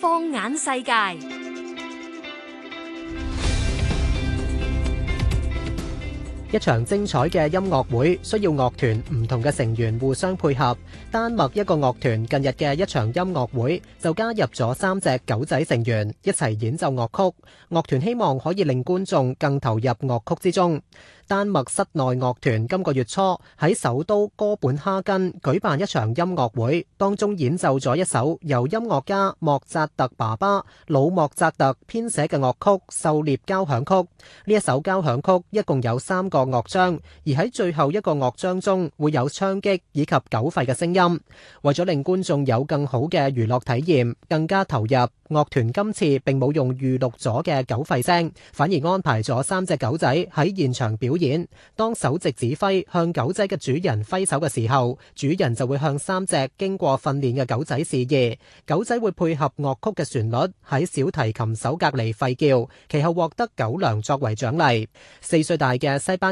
放眼世界。一場精彩嘅音樂會需要樂團唔同嘅成員互相配合。丹麥一個樂團近日嘅一場音樂會就加入咗三隻狗仔成員一齊演奏樂曲。樂團希望可以令觀眾更投入樂曲之中。丹麥室內樂團今個月初,喺首都哥本哈根舉辦一場音樂會,當中演奏咗一首由音樂家莫扎特爸爸,老莫扎特編寫嘅樂曲,狩獵交響曲。呢一首交響曲一共有三個個樂章，而喺最後一個樂章中會有槍擊以及狗吠嘅聲音。為咗令觀眾有更好嘅娛樂體驗，更加投入，樂團今次並冇用預錄咗嘅狗吠聲，反而安排咗三隻狗仔喺現場表演。當首席指揮向狗仔嘅主人揮手嘅時候，主人就會向三隻經過訓練嘅狗仔示意，狗仔會配合樂曲嘅旋律喺小提琴手隔籬吠叫，其後獲得狗糧作為獎勵。四歲大嘅西班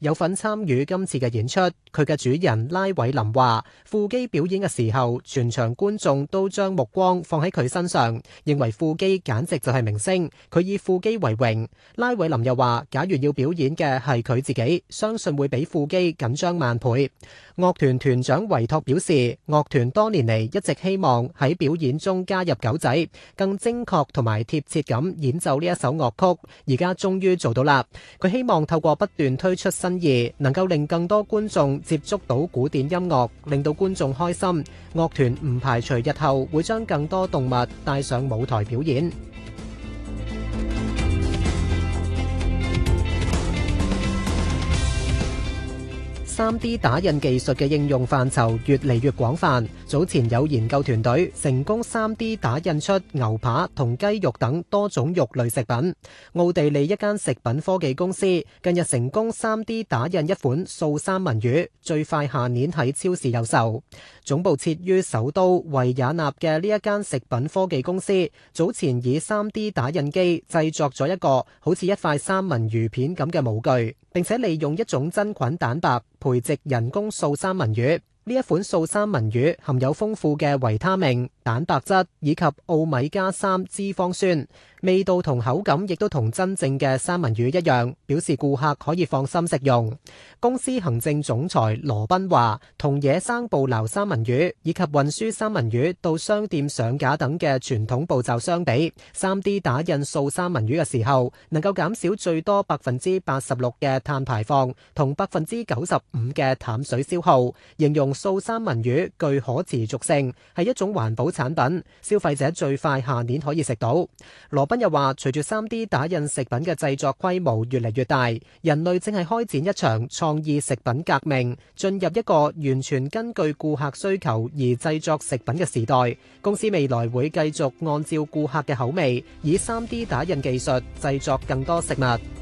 有份參與今次嘅演出，佢嘅主人拉偉林話，富基表演嘅時候，全場觀眾都將目光放喺佢身上，認為富基簡直就係明星。佢以富基為榮。拉偉林又話，假如要表演嘅係佢自己，相信會比富基緊張萬倍。樂團團團長維托表示，樂團多年嚟一直希望喺表演中加入狗仔，更精確同埋貼切咁演奏呢一首樂曲。而家終於做到啦！佢希望透過不斷推出新。因而能夠令更多觀眾接觸到古典音樂，令到觀眾開心。樂團唔排除日後會將更多動物帶上舞台表演。三 D 打印技術嘅應用範疇越嚟越廣泛。早前有研究團隊成功三 D 打印出牛扒同雞肉等多種肉類食品。奧地利一間食品科技公司近日成功三 D 打印一款素三文魚，最快下年喺超市有售。總部設於首都維也納嘅呢一間食品科技公司，早前以三 D 打印機製作咗一個好似一塊三文魚片咁嘅模具，並且利用一種真菌蛋白。培植人工素三文魚。呢一款素三文魚含有豐富嘅維他命、蛋白質以及奧米加三脂肪酸。味道同口感亦都同真正嘅三文魚一樣，表示顧客可以放心食用。公司行政總裁羅賓話，同野生捕撈三文魚以及運輸三文魚到商店上架等嘅傳統步驟相比，3D 打印素三文魚嘅時候，能夠減少最多百分之八十六嘅碳排放同百分之九十五嘅淡水消耗。形容素三文魚具可持續性，係一種環保產品，消費者最快下年可以食到。羅。斌又話，隨住 3D 打印食品嘅製作規模越嚟越大，人類正係開展一場創意食品革命，進入一個完全根據顧客需求而製作食品嘅時代。公司未來會繼續按照顧客嘅口味，以 3D 打印技術製作更多食物。